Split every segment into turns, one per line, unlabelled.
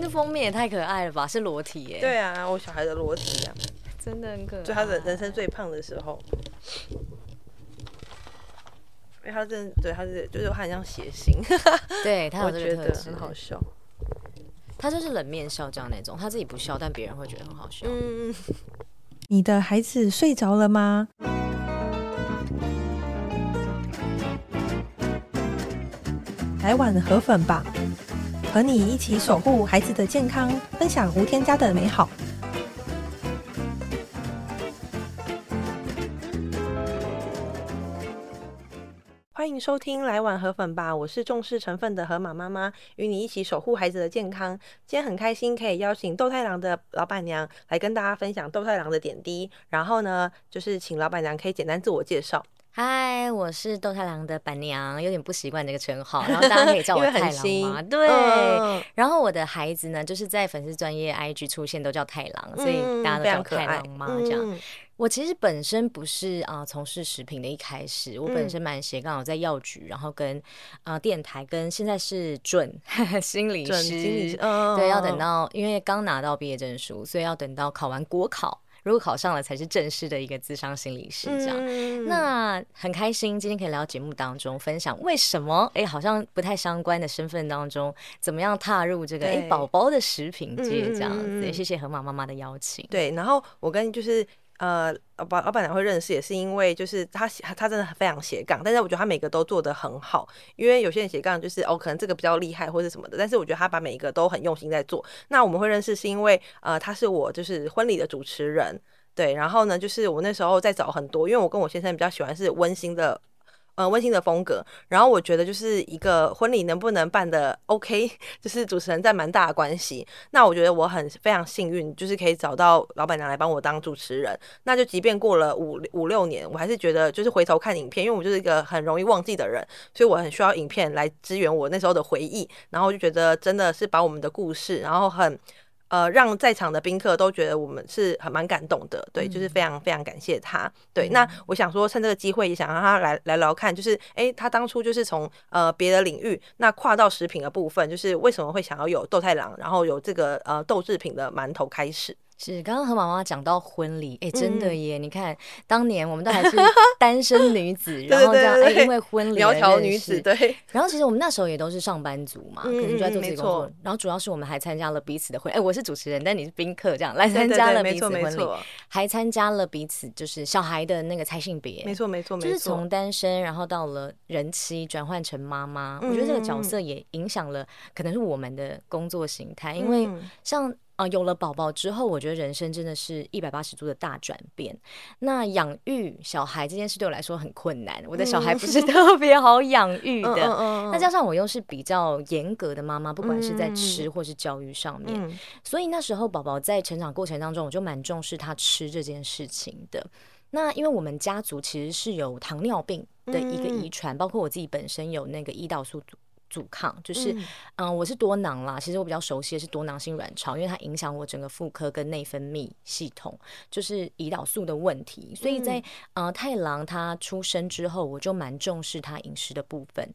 那封面也太可愛了吧，是裸體耶，欸！對啊，我小
孩的裸體啊，真的很可愛。就他人人生最胖的時候，因為他真的對他，就是就是他很像諧星， 對他我覺得很好笑。
他就是冷面笑匠那種，他自己不笑，但別人會覺得很好笑。嗯嗯。
你的孩子睡着了嗎？來碗河粉吧。和你一起守護孩子的健康，分享無添加的美好。歡迎收聽來碗河粉吧，我是重視成分的河馬媽媽，與你一起守護孩子的健康。今天很開心可以邀請豆太郎的老闆娘來跟大家分享豆太郎的點滴，然後呢，就是請老闆娘可以簡單自我介紹。嗨，我是豆太郎的闆
娘，有點不習慣這個稱號，然後大家可以叫我太郎嗎？ 對、哦，然後我的孩子呢，就是在粉絲專業 IG 出現都叫太郎，嗯、所以大家都叫太郎嘛。這樣、嗯，我其實本身不是啊，呃、從事食品的一開始，我本身蠻斜槓，我在藥局、嗯，然後跟啊、呃、電台，跟現在是準 心理師準、哦，對，要等到因為剛拿到畢業證書，所以要等到考完國考。如果考上了，才是正式的一個諮商心理師這樣。嗯、那很開心，今天可以聊節目當中，分享為什麼哎、欸，好像不太相關的身份當中，怎麼樣踏入這個哎寶
寶的食品界這樣子。也、嗯、謝謝河馬媽媽的邀請。對，然後我跟就是。呃，把老老闆娘會認識，也是因為就是他，他，他真的非常斜槓，但是我覺得他每個都做得很好，因為有些人斜槓就是哦，可能這個比較厲害或者什麼的，但是我覺得他把每一個都很用心在做。那我們會認識是因為，呃，他是我就是婚禮的主持人，對，然後呢，就是我那時候在找很多，因為我跟我先生比較喜歡是溫馨的。呃、嗯，溫馨的風格。然後我覺得就是一個婚禮能不能辦得 OK，就是主持人在蠻大的關係。那我覺得我很非常幸運，就是可以找到老闆娘來幫我當主持人。那就即便過了五五六年，我還是覺得就是回頭看影片，因為我就是一個很容易忘記的人，所以我很需要影片來支援我那時候的回憶。然後我就覺得真的是把我們的故事，然後很。呃，讓在場的賓客都覺得我們是很蠻感動的，對，嗯、就是非常非常感謝他。對，嗯、那我想說趁這個機會也想讓他來來聊看，就是哎、欸，他當初就是從呃別的領域，那跨到食品的部分，就是為什麼會想要有豆太郎，然後有這個呃豆製品的饅頭開始。是，剛剛和媽媽講到婚禮，哎、欸，真的耶、
嗯！你看，當年我們都還是單身女子， 對對對對，然後這樣，哎、欸，因為婚禮，苗條女子對。然後其實我們那時候也都是上班族嘛，嗯、可能就在做這個工作。然後主要是我們還參加了彼此的婚，哎、欸，我是主持人，但你是賓客這樣來參加了彼此婚禮，還參加了彼此就是小孩的那個猜性別。沒錯沒錯沒錯。就是從單身，然後到了人妻媽媽，轉換成媽媽，我覺得這個角色也影響了，可能是我們的工作形態、嗯，因為像。啊，有了寶寶之後，我覺得人生真的是一百八十度的大轉變。那養育小孩這件事對我來說很困難，我的小孩不是特別好養育的。 那加上我又是比較嚴格的媽媽，不管是在吃或是教育上面，嗯，所以那時候寶寶在成長過程當中，我就蠻重視他吃這件事情的。那因為我們家族其實是有糖尿病的一個遺傳，包括我自己本身有那個胰島素。阻抗就是，嗯、呃，我是多囊啦。其實我比較熟悉的是多囊性卵巢，因為它影響我整個婦科跟內分泌系統，就是胰島素的問題。所以在呃太郎他出生之後，我就蠻重視他飲食的部分。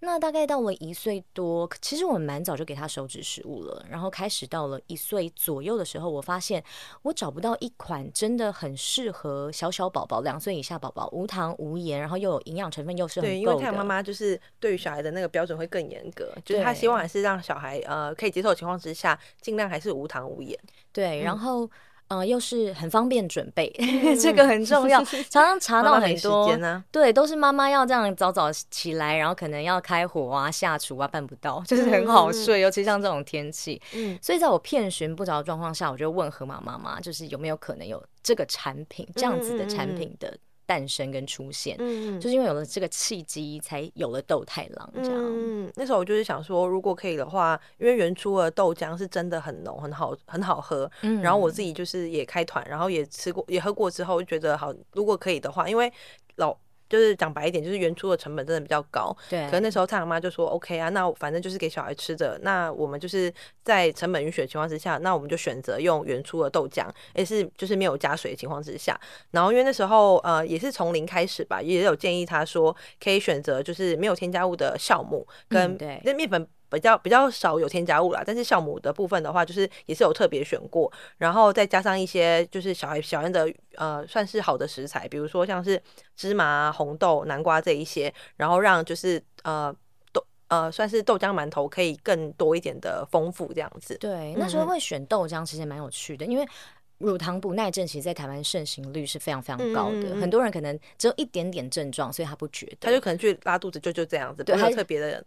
那大概到了一歲多，其實我們蠻早就給他手指食物了。然後開始到了一歲左右的時候，我發現我找不到一款真的很適合小小寶寶、兩歲以下寶寶無糖無鹽，然後又有營養成分又是很夠的。對，因為太郎媽媽
就是對於小孩的那個標準會更。很嚴格，就是他希望還是讓小孩呃可以接受的情況之下，盡量還是無糖無鹽。
對，然後、嗯、呃又是很方便準備嗯嗯，這個很重要。常常查到很多，媽媽時間呢、啊，對，都是媽媽要這樣早早起來，然後可能要開火啊、下廚啊，辦不到，就是很好睡。嗯嗯，尤其像這種天氣，嗯，所以在我遍尋不着的狀況下，我就問河馬媽媽，媽，就是有沒有可能有這個產品這樣子的產品的。嗯嗯嗯誕生跟出現，嗯，就是因為有了這個契機，才有
了豆太郎這樣。嗯，那時候我就是想說，如果可以的話，因為元初的豆漿是真的很濃、很好、很好喝、嗯。然後我自己就是也開團，然後也吃過、也喝過之後，就覺得好。如果可以的話，因為老。就是講白一點，就是元初的成本真的比較高。對。可是那時候他媽媽就說：“OK 啊，那反正就是給小孩吃的，那我們就是在成本允許的情況之下，那我們就選擇用元初的豆漿，也是就是沒有加水的情況之下。然後因為那時候呃也是從零開始吧，也有建議他說可以選擇就是沒有添加物的酵母跟那麵粉。對”比較比較少有添加物啦，但是酵母的部分的話，就是也是有特別選過，然後再加上一些就是小孩小安的呃，算是好的食材，比如說像是芝麻、紅豆、南瓜這一些，然後讓就是呃豆呃算是豆漿饅頭可以更多一點的豐富這樣子。對，那時候會選豆漿其實蠻
有趣的，因為乳糖不耐症其實在台灣盛行率是非常非常高的，嗯，很多人可能只有一點點症狀，所以他不覺得，他就可能去拉肚子就就這樣子，沒有特別的。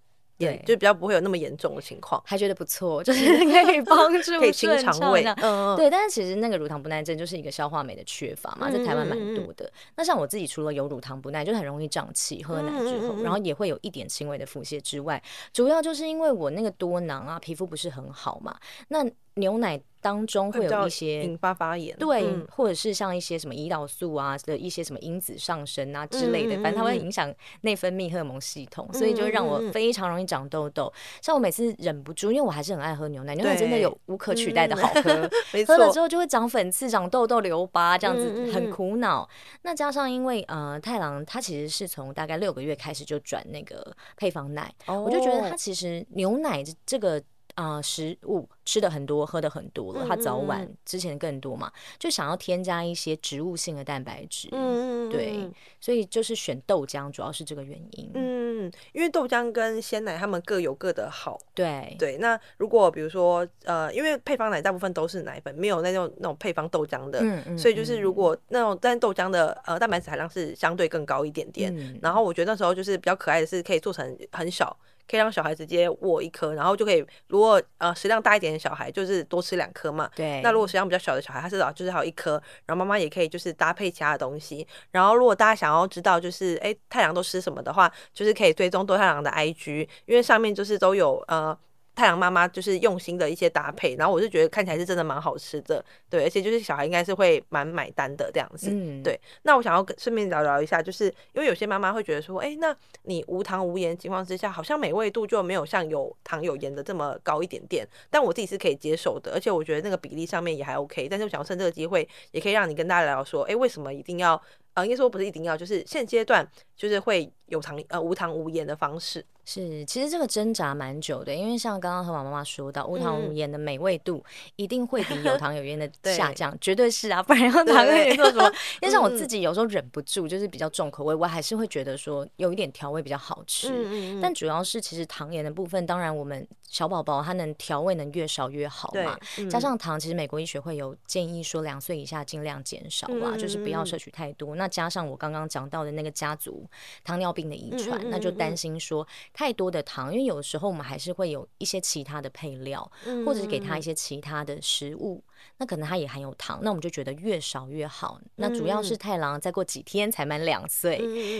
對，就比較不會有那麼嚴重的情況，還覺得不錯，就是可以幫助， 可以清腸胃、呃。對，但是其實那個乳糖不耐症就是一個消化酶的缺乏嘛，嗯、在台灣蠻多的。那像我自己，除了有乳糖不耐，就很容易脹氣，喝奶之後、嗯，然後也會有一點輕微的腹瀉之外，主要就是因為我那個多囊啊，皮膚不是很好嘛，那。牛奶當中會有一些引發發炎，對、嗯，或者是像一些什麼胰島素啊的一些什麼因子上升啊之類的，嗯嗯、反正它會影響內分泌荷爾蒙系統，嗯、所以就會讓我非常容易長痘痘、嗯。像我每次忍不住，因為我還是很愛喝牛奶，牛奶真的有無可取代的好喝、嗯，喝了之後就會長粉刺、長痘痘、留疤這樣子，很苦惱、嗯嗯。那加上因為呃太郎他其實是從大概六個月開始就轉那個配方奶、哦，我就覺得他其實牛奶這個。啊、呃，食物吃的很多，喝的很多了，他早晚之前更多嘛，、嗯，就想要添加一些植物性的
蛋白質。嗯，對，所以就是選豆漿，主要是這個原因。嗯，因為豆漿跟鮮奶，他們各有各的好。對對，那如果比如說呃，因為配方奶大部分都是奶粉，沒有那種那種配方豆漿的。嗯。所以就是如果那種但豆漿的呃蛋白質含量是相對更高一點點。嗯。然後我覺得那時候就是比較可愛的是可以做成很小。可以讓小孩直接握一顆，然後就可以。如果呃食量大一點的小孩，就是多吃兩顆嘛。對。那如果食量比較小的小孩，他至少就是還有一顆，然後媽媽也可以就是搭配其他的東西。然後如果大家想要知道就是哎、欸、太郎都吃什麼的話，就是可以追蹤豆太郎的 IG，因為上面就是都有呃。太郎媽媽就是用心的一些搭配，然後我是覺得看起來是真的蠻好吃的，對，而且就是小孩應該是會蠻買單的這樣子，對。那我想要順便聊聊一下，就是因為有些媽媽會覺得說，哎、欸，那你無糖無鹽情況之下，好像美味度就沒有像有糖有鹽的這麼高一點點，但我自己是可以接受的，而且我覺得那個比例上面也還 OK。但是我想要趁這個機會，也可以讓你跟大家聊聊說，哎、欸，為什麼一定要？呃，應該說不是一定要，就是現階段就是會有糖呃無糖無鹽的方式。是，其實這個掙扎蠻久的，因為像剛剛和河馬媽媽說到，無、嗯、糖無鹽的美
味度一定會比有糖有鹽的下降， 對絕對是啊，不然要糖可以做什麼？因為像我自己有時候忍不住，就是比較重口味、 嗯，我還是會覺得說有一點調味比較好吃、嗯嗯。但主要是其實糖鹽的部分，當然我們小寶寶他能調味能越少越好嘛。嗯、加上糖，其實美國醫學會有建議說，兩歲以下儘量減少啊、嗯，就是不要攝取太多、嗯。那加上我剛剛講到的那個家族糖尿病的遺傳、嗯嗯嗯，那就擔心說。太多的糖，因為有時候我們還是會有一些其他的配料，或者是給他一些其他的食物，嗯、那可能他也含有糖，那我們就覺得越少越好。嗯、那主要是太郎再過幾天才滿兩歲，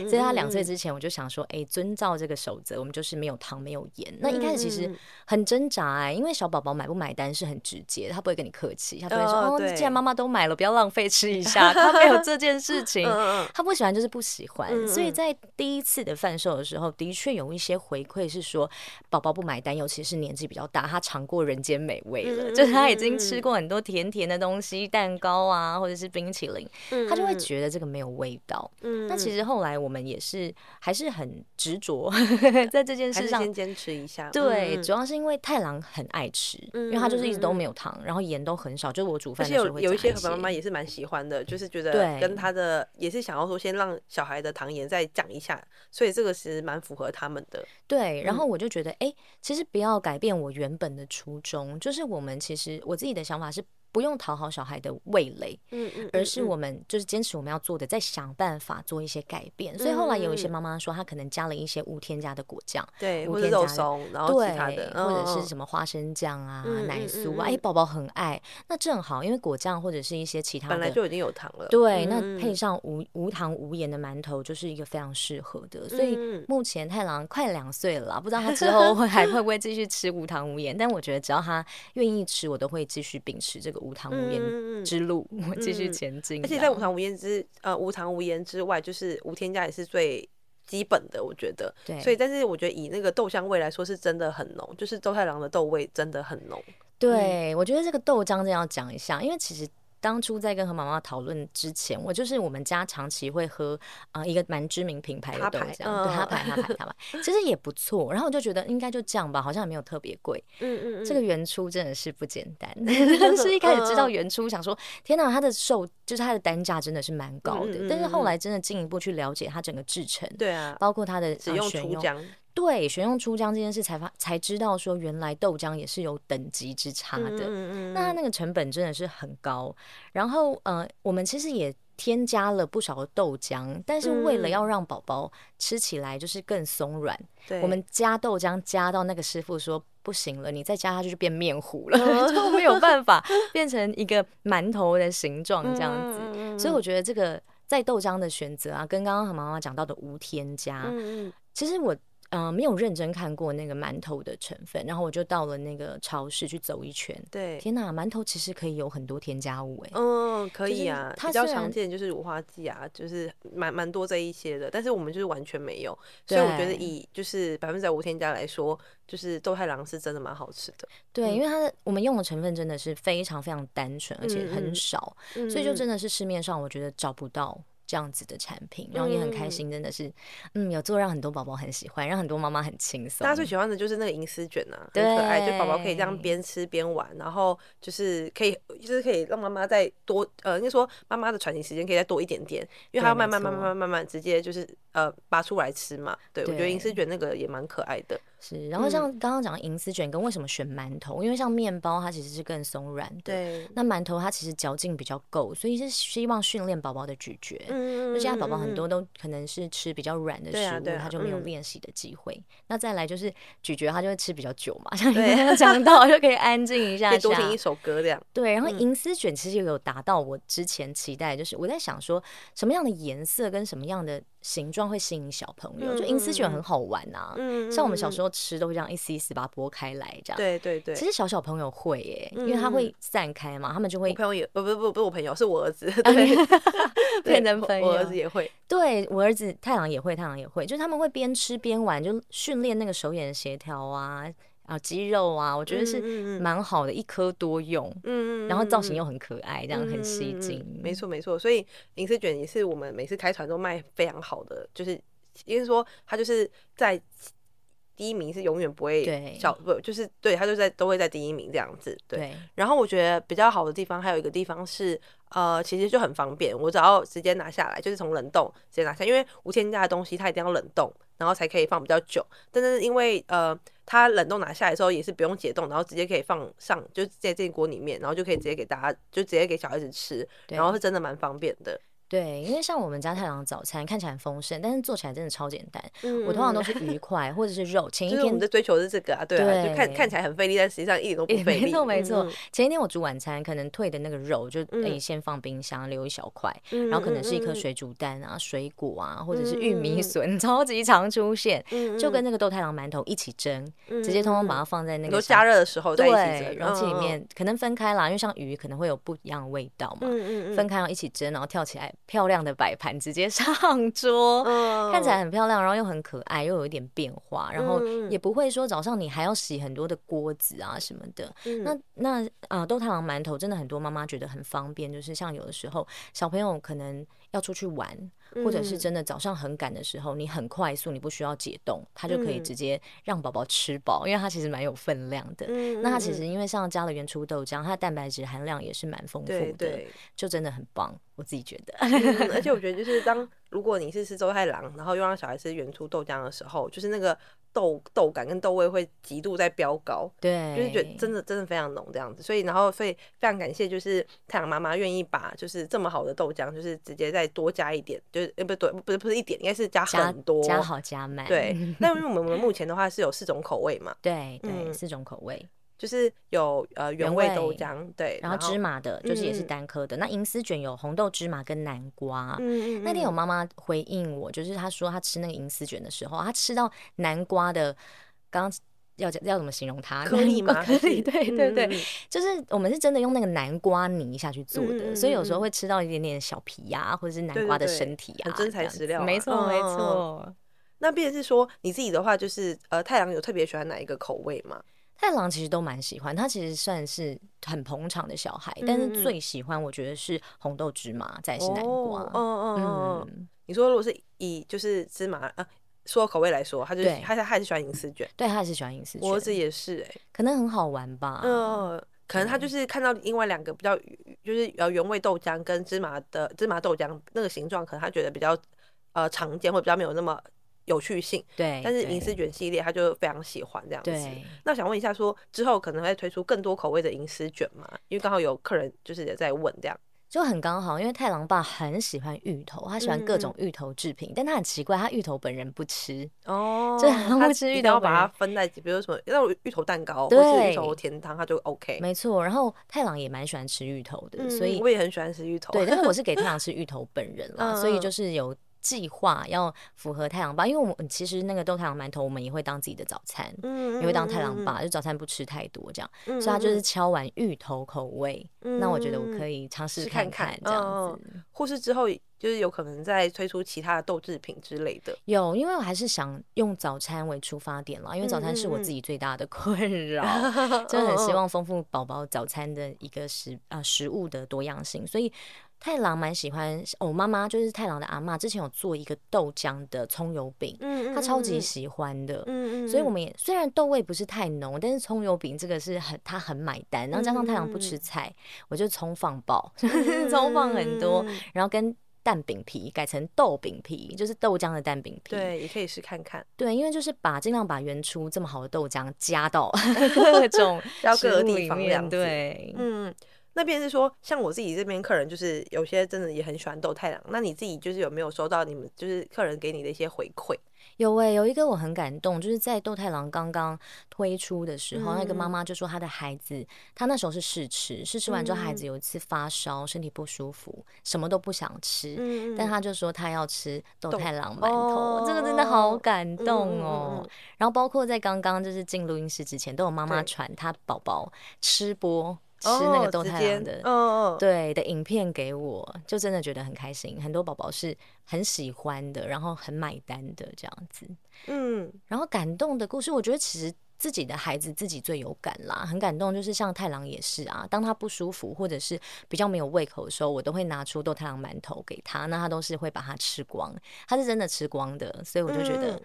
在、嗯、他兩歲之前，我就想說，哎、欸，遵照這個守則，我們就是沒有糖，沒有鹽。那一開始其實很掙扎、欸，因為小寶寶買不買單是很直接，他不會跟你客氣，他不會說哦，哦，既然媽媽都買了，不要浪費吃一下。 他沒有這件事情，他不喜歡就是不喜歡。嗯、所以在第一次的販售的時候，的確有一些。回饋是說寶寶不買單，尤其是年紀比較大，他嘗過人間美味了，嗯嗯嗯，就是他已經吃過很多甜甜的東西，蛋糕啊，或者是冰淇淋，嗯嗯，他就會覺得這個沒有味道。嗯，嗯，那其實後來我們也是還是很執着、嗯
嗯、 在這件事上先堅持一下。對，嗯嗯，主
要是因為太郎很愛吃，嗯嗯，因為他就是一直都沒有糖，然後鹽都很少。就是我煮飯的時候有，有一些爸爸媽媽
也是蠻喜歡的，嗯、就是覺得跟他的也是想要說先讓小孩的糖鹽再降一下，所以這個其實蠻符合他們的。
對，然後我就覺得，哎、嗯欸，其實不要改變我原本的初衷，就是我們其實我自己的想法是。不用討好小孩的味蕾，嗯，而是我們、嗯嗯、就是堅持我們要做的，在想辦法做一些改變。嗯、所以後來有一些媽媽說，她可能加了一些無添加的果醬，對，無添加的，肉鬆，然後其他的、哦，或者是什麼花生醬啊、嗯、奶酥啊，哎，寶、嗯、寶很愛、嗯。那正好，因為果醬或者是一些其他的，本來就已經
有糖了，對，嗯、那配
上無無糖無鹽的饅頭，就是一個非常適合的、嗯。所以目前太郎快兩歲了、嗯，不知道他之後會還會不會繼續吃無糖無鹽， 但我覺得只要他願意吃，我都會繼續秉持這個。無糖無鹽之路，嗯、繼續前進。而且在
無糖無鹽之呃無糖無鹽之外，就是無添加也是最基本的，我覺得。對。所以，但是我覺得以那個豆香味來說，是真的很濃，就是豆太郎的豆味真的很濃。對、
嗯，我覺得這個豆漿真要講一下，因為其實。當初在跟河馬媽媽討論之前，我就是我們家長期會喝啊、呃、一個蠻知名品牌的豆漿，對，他牌他牌他牌，他牌他牌 其實也不錯。然後我就覺得應該就這樣吧，好像也沒有特別貴，嗯嗯嗯。這個元初真的是不簡單的，是 一開始知道元初 嗯嗯想說，天哪，它的售就是它的單價真的是蠻高的，嗯嗯，但是後來真的進一步去了解它整個製程，對啊，包括它的用粗漿。啊對，選用元初豆漿這件事才發才知道，說原來豆漿也是有等級之差的。嗯，嗯那它那個成本真的是很高。然後呃，我們其實也添加了不少的豆漿，但是為了要讓寶寶吃起來就是更鬆軟，對，嗯，我們加豆漿加到那個師傅說不行了，你再加下去就變麵糊了，哦， 就沒有辦法變成一個饅頭的形狀這樣子，嗯。所以我覺得這個在豆漿的選擇啊，跟剛剛河馬媽媽講到的無添加，嗯，其實我。嗯、呃，沒有認真看過那個饅頭的成分，然後我就到了那個超市去走一圈。對，天吶，饅頭其實可以有很多添加物哎、
欸。嗯、哦，可以啊，就是、它比較常見就是乳化劑啊，就是蠻蠻多這一些的。但是我們就是完全沒有，所以我覺得以就是百分之百無添加來說，就是豆太郎是真的蠻好吃的。
對，因為它的我們用的成分真的是非常非常單純，而且很少、嗯，所以就真的是市面上我覺得找不到這樣子的產品，然後也很開心，真的是嗯，嗯，有做讓很多寶寶很喜歡，讓很多媽媽很輕鬆。大家最喜
歡的就是那個銀絲卷吶、啊，很可愛，就寶寶可以這樣邊吃邊玩，然後就是可以，就是可以讓媽媽再多，呃，應該說媽媽的喘息時間可以再多一點點，因為他要慢慢慢慢慢慢直接就是呃拔出來吃嘛。對，對，我覺得銀絲卷那個也蠻可愛的。是，然後像
剛剛講的銀絲卷，跟為什麼選饅頭？因為像麵包，它其實是更鬆軟的。對。那饅頭它其實嚼勁比較夠，所以是希望訓練寶寶的咀嚼。嗯，
所以現在寶寶很多
都可能是吃比較軟的食物，他、啊啊、就沒有練習的機會。嗯、那再來就是咀嚼，他就會吃比較久嘛。對啊、像你剛剛講到，就可以安靜一下下， 可以多聽一首歌這樣。對，然後銀絲卷其實也有達到我之前期待，就是我在想說，什麼樣的顏色跟什麼樣的形狀會吸引小朋友？嗯、就銀絲卷很好玩吶、啊嗯。像我們小時候。吃都會這樣一絲一絲把它剝開來，這樣對對對。其實小小朋友會耶、欸嗯，因為他會散開嘛，嗯、他們就會。朋友也不不不不，我朋友是我兒子，
對男 朋友我，我兒子也會。
對我兒子太郎也會，太郎也會，就是他們會邊吃邊玩，就訓練那個手眼的協調啊，啊肌肉啊，我覺得是蠻好的，一顆
多用，嗯然後造型又很可愛，嗯、這樣很吸睛，嗯嗯、沒錯沒錯。所以銀絲卷也是我們每次開團都賣非常好的，就是因為說它就是在。第一名是永遠不會少，不就是對，他就在都會在第一名這樣子對。對，然後我覺得比較好的地方還有一個地方是，呃，其實就很方便，我只要直接拿下來，就是從冷凍直接拿下來，因為無添加的東西它一定要冷凍，然後才可以放比較久。但是因為呃，它冷凍拿下來的時候也是不用解凍，然後直接可以放上，就在這一鍋裡面，然後就可以直接給大家，就直接給小孩子吃，然後是真的蠻方便的。
對，因為像我們家太郎早餐看起來很豐盛，但是做起來真的超簡單。嗯、我通常都是魚塊或者是肉。前一天、就是、我們的
追求是這個啊，對啊，對就看看起來很費力，但實際上一點都不費力。沒錯沒錯、嗯。
前一天我煮晚餐，可能退的那個肉就可以先放冰箱、嗯、留一小塊、嗯，然後可能是一顆水煮蛋啊、嗯、水果啊，或者是玉米筍，嗯、超級常出現、嗯。就跟那個豆太郎饅頭一起蒸，嗯、直接通通把它放在那個下加熱的時候，對，然後這裡面、哦、可能分開了，因為像魚可能會有不一樣的味道嘛。嗯、分開然後一起蒸，然後跳起來。漂亮的擺盤直接上桌，oh, 看起來很漂亮，然後又很可愛，又有一點變化，嗯、然後也不會說早上你還要洗很多的鍋子啊什麼的。嗯、那那啊、呃，豆太郎饅頭真的很多媽媽覺得很方便，就是像有的時候小朋友可能要出去玩。或者是真的早上很趕的時候，嗯，你很快速，你不需要解凍，它就可以直接讓寶寶吃飽，嗯，因為它其實蠻有分量的。嗯、那它其實因為像加了元初豆漿，它的，嗯、蛋白質含量也是蠻豐富的，對對對，就真的很棒，我自己覺得。對對對 嗯、
而且我覺得就是當，如果你是吃豆太郎， 然後又讓小孩吃元初豆漿的時候，就是那個。豆豆感跟豆味會極度在飆高，對，就是覺得真的真的非常濃這樣子，所以然後所以非常感謝，就是太郎媽媽願意把就是這麼好的豆漿，就是直接再多加一點，就是呃、欸、不對，不是不是，不是一點，應該是加很多加，加好加滿，對，那 因為我們目前的話是有四種口味嘛，對對、嗯、四
種口味。
就是有呃原味豆漿，對然，然後芝麻的，就是也是單
顆的。嗯、那銀絲卷有紅豆芝麻跟南瓜。嗯嗯、那天有媽媽回應我，就是她說她吃那個銀絲卷的時候，她吃到南瓜的，剛要要怎麼形容它？顆粒嗎？顆粒、嗯。對對對，就是我們是真的用那個南瓜泥下去做的，嗯、所以有時候會吃到一點點小皮呀、啊，或者是南瓜的身體呀、啊。對對
對真材實料、啊，沒錯沒錯、哦。那變成是說，你自己的話，就是呃，太郎有特別喜歡哪一個口味嗎？
太郎其實都蠻喜歡，他其實算是很捧場的小孩、嗯，但是最喜歡我覺得是紅豆芝麻，再是南瓜。哦哦、嗯
嗯嗯。你說如果是以就是芝麻呃說口味來說，他就他、是、他還是喜歡銀絲卷，
對他還是喜歡銀絲卷，我
兒子也是、
欸、可能很好玩吧。
嗯，可能他就是看到另外兩個比較就是呃原味豆漿跟芝麻的芝麻豆漿那個形狀，可能他覺得比較呃常見，或者比較沒有那麼。有趣性對，但是銀絲卷系列他就非常喜歡這樣子。對，那想問一下說，說之後可能會推出更多口味的銀絲卷嘛？因為剛好有客人就是在問這樣，
就很剛好。因為太郎爸很喜歡芋頭，他喜歡各種芋頭製品，嗯，但他很奇怪，他芋頭本人不吃
哦，他不吃芋頭，要把它分在比如什麼那種芋頭蛋糕，對，或是芋頭甜湯，他就 OK。
沒錯，然後太郎也蠻喜歡吃芋頭的，所以，嗯、我
也很喜歡吃芋頭。對，但是我是給太郎吃芋頭本
人了、 嗯，所以就是有。計劃要符合太郎爸，因為我們其實那個豆太郎饅頭，我們也會當自己的早餐，嗯，也會當太郎爸、嗯。就早餐不吃太多這樣，嗯，所以他就是敲完芋
頭口味，嗯、那我覺得我可以嘗試看看這樣子看看、哦，或是之後就是有可能再推出其他的豆製品之類的。
有，因為我還是想用早餐為出發點啦，因為早餐是我自己最大的困擾，真、嗯、的很希望豐富寶寶早餐的一個食啊、嗯呃、食物的多樣性，所以。太郎蠻喜歡，哦、我媽媽就是太郎的阿媽，之前有做一個豆漿的蔥油餅，她、嗯嗯嗯、超級喜歡的，嗯，嗯，所以我們也雖然豆味不是太濃，但是蔥油餅這個是很她很買單，然後加上太郎不吃菜，我就蔥放爆，蔥、嗯嗯、 放很多，然後跟蛋餅皮改成豆餅皮，就是豆漿的蛋餅皮，對，
也可以試看看，
對，因為就是把儘量
把元初這麼好的豆漿加到 各種各個地方這樣子， 地方這對，嗯。那邊是說，像我自己這邊客人就是有些真的也很喜歡豆太郎。那你自己就是有沒有收到你們就是客人給你的一些回饋？
有誒、欸，有一個我很感動，就是在豆太郎剛剛推出的時候，嗯、那個媽媽就說她的孩子，她那時候是試吃，試吃完之後孩子有一次發燒、嗯，身體不舒服，什麼都不想吃，嗯、但她就說她要吃豆太郎饅頭、哦，這個真的好感動哦。嗯、然後包括在剛剛就是進錄音室之前，都有媽媽傳她寶寶吃播。吃那個豆太郎的。哦哦、對的影片給我，就就真的覺得很開心。很多寶寶是很喜歡的，然後很買單的這樣子。嗯，然後感動的故事，我覺得其實自己的孩子自己最有感啦。很感動，就是像太郎也是啊，當他不舒服或者是比較沒有胃口的時候，我都會拿出豆太郎饅頭給他，那他都是會把它吃光，他是真的吃光的，所以我就覺得。嗯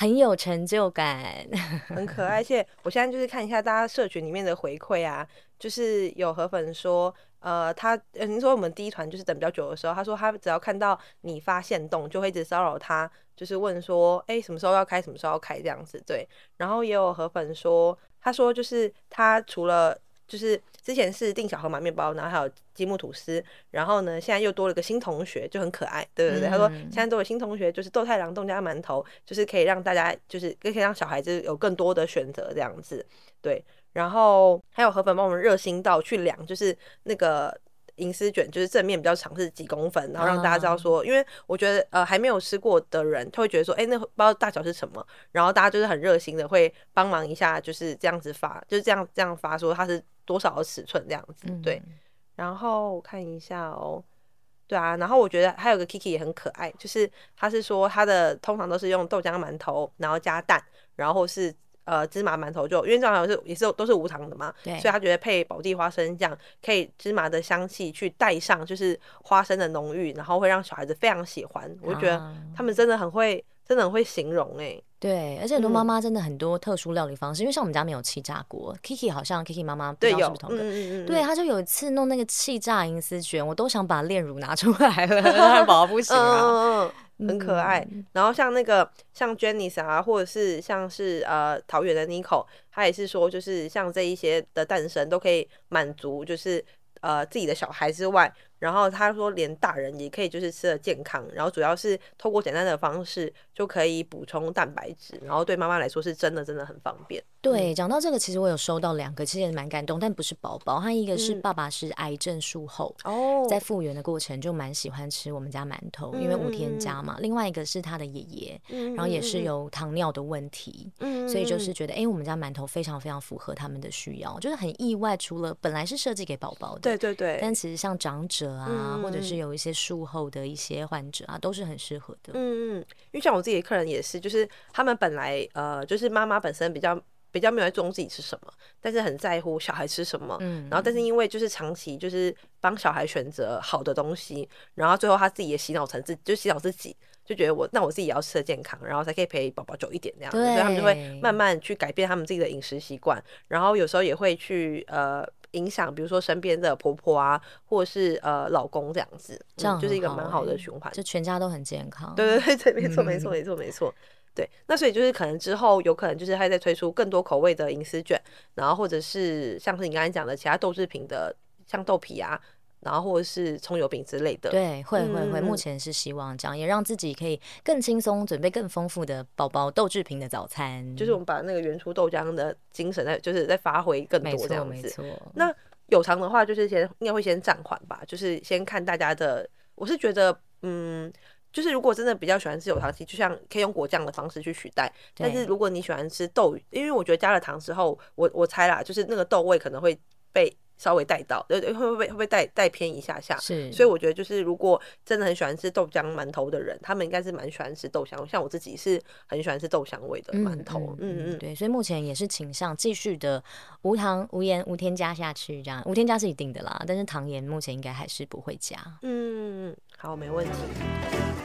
很有成就
感， 很可愛。而且我現在就是看一下大家社群裡面的回饋啊，就是有河粉說，呃，他，你說我們第一團就是等比較久的時候，他說他只要看到你發限動就會一直騷擾他，就是問說，哎、欸，什麼時候要開，什麼時候要開這樣子，對。然後也有河粉說，他說就是他除了。就是之前是訂小河馬麵包，然後還有積木吐司，然後呢，現在又多了個新同學，就很可愛，對不對對、嗯。他說現在多了新同學，就是豆太郎、豆漿饅頭，就是可以讓大家，就是可以讓小孩子有更多的選擇這樣子。對，然後還有河粉幫我們熱心到去量，就是那個。銀絲卷就是正面比較長，是幾公分，然後讓大家知道說，啊、因為我覺得呃還沒有吃過的人，他會覺得說，哎、欸，那不知道大小是什麼，然後大家就是很熱心的會幫忙一下，就是這樣子發，就這樣這樣發說它是多少的尺寸這樣子，對。嗯、然後我看一下哦、喔，對啊，然後我覺得還有個 Kiki 也很可愛，就是他是說他的通常都是用豆漿饅頭，然後加蛋，然後是。呃，芝麻饅頭就因為這樣，好像也是也是都是無糖的嘛，所以他覺得配保地花生醬，可以芝麻的香氣去帶上就是花生的濃郁，然後會讓小孩子非常喜歡。我就覺得他們真的很會，啊、真的很會形容哎、欸。
對，而且很多媽媽真的很多特殊料理方式，嗯、因為像我們家沒有氣炸鍋，Kiki 好像 Kiki 媽媽對有不，是不
是同的，對，
她、嗯嗯嗯、就有一次弄那個氣炸銀絲卷，我都想把煉乳拿出來了，寶 寶 不行了、啊。嗯很可愛、
嗯，然後像那個像 Jenny 啊，或者是像是呃桃園的 Nico，他也是說就是像這一些的誕生都可以滿足就是呃自己的小孩之外，然後他說連大人也可以就是吃的健康，然後主要是透過簡單的方式就可以補充蛋白質，然後對媽媽來說是真的真的很方便。對，
講到這個，其實我有收到兩個，其實也蠻感動，但不是寶寶。他一個是爸爸是癌症術後哦，在復原的過程就蠻喜歡吃我們家饅頭，因為無添加嘛、嗯。另外一個是他的爺爺、嗯，然後也是有糖尿的問題，嗯，所以就是覺得哎、欸，我們家饅頭非常非常符合他們的需要，就是很意外。除了本來是設計給寶寶的，對對對，但其實像長者啊，嗯、或者是有一些術後的一些患者啊，都是很適合的。嗯
嗯，因為像我自己的客人也是，就是他們本來呃，就是媽媽本身比較。比較沒有在注重自己吃什麼，但是很在乎小孩吃什麼。嗯，然後但是因為就是長期就是幫小孩選擇好的東西，嗯、然後最後他自己也洗腦成自，就洗腦自己就覺得我那我自己也要吃得健康，然後才可以陪寶寶久一點那樣子。對，所以他們就會慢慢去改變他們自己的飲食習慣，然後有時候也會去呃影響，比如說身邊的婆婆啊，或者是呃老公這樣子，這樣、欸嗯、就是一個蠻好的循環，就
全家都很健
康。對，對對對，沒錯沒錯沒錯沒錯。沒錯沒錯對，那所以就是可能之後有可能就是還在推出更多口味的銀絲卷，然後或者是像是你剛才講的其他豆製品的，像豆皮啊，然後或者是蔥油餅之類的。對，會會會、嗯，目
前是希望這樣，也讓自己可以更輕鬆準備更豐富的
寶寶豆製品的早餐。就是我們把那個原初豆漿的精神在，就是在發揮更多這樣子。沒錯，沒錯。那有鹽的話，就是先應該會先暫緩吧，就是先看大家的。我是覺得，嗯。就是如果真的比較喜歡吃有糖，就像可以用果醬的方式去取代。但是如果你喜歡吃豆，因為我覺得加了糖之後，我我猜啦，就是那個豆味可能會被稍微帶到，會會不會會不會帶帶偏一下下？是。所以我覺得就是如果真的很喜歡吃豆漿饅頭的人，他們應該是蠻喜歡吃豆香，像我自己是很喜歡吃豆香味的饅頭，嗯。嗯
嗯。對，所以目前也是傾向繼續的無糖、無鹽、無添加下去，這樣無添加是一定的啦，但是糖鹽目前應該還是不會加。嗯，
好，沒問題。